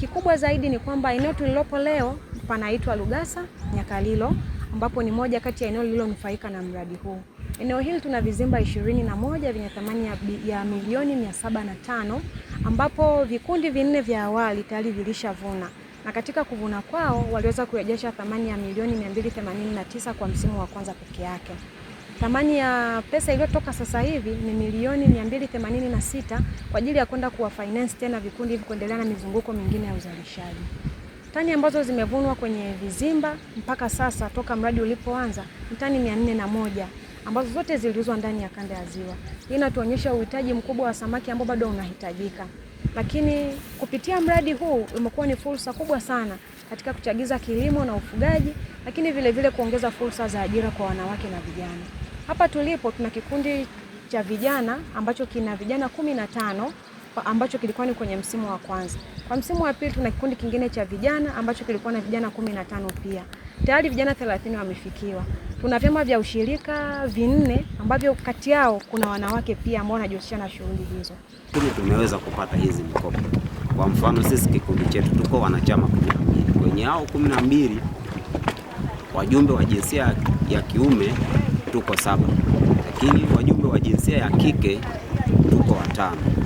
Kikubwa zaidi ni kwamba eneo tulilopo leo panaitwa Lugasa Nyakalilo ambapo ni moja kati ya eneo lililonufaika na mradi huu. Eneo hili tuna vizimba ishirini na moja vyenye thamani ya, ya milioni mia saba na tano ambapo vikundi vinne vya awali tayari vilishavuna na katika kuvuna kwao waliweza kurejesha thamani ya milioni 289 kwa msimu wa kwanza peke yake. Thamani ya pesa iliyotoka sasa hivi ni milioni 286 kwa ajili ya kwenda kuwa finance tena vikundi hivi kuendelea na mizunguko mingine ya uzalishaji. Tani ambazo zimevunwa kwenye vizimba mpaka sasa toka mradi ulipoanza ni tani 401 ambazo zote ziliuzwa ndani ya kanda ya Ziwa. Hii inatuonyesha uhitaji mkubwa wa samaki ambao bado unahitajika. Lakini kupitia mradi huu umekuwa ni fursa kubwa sana katika kuchagiza kilimo na ufugaji, lakini vile vile kuongeza fursa za ajira kwa wanawake na vijana. Hapa tulipo tuna kikundi cha vijana ambacho kina vijana kumi na tano ambacho kilikuwa ni kwenye msimu wa kwanza. Kwa msimu wa pili tuna kikundi kingine cha vijana ambacho kilikuwa na vijana kumi na tano pia. Tayari vijana 30 wamefikiwa. Tuna vyama vya ushirika vinne ambavyo kati yao kuna wanawake pia ambao wanajihusisha na shughuli hizo. Lakini tumeweza kupata hizi mikopo. Kwa mfano sisi kikundi chetu tuko wanachama 12. Kwenye hao 12 wajumbe wa jinsia ya kiume tuko saba, lakini wajumbe wa jinsia ya kike tuko watano.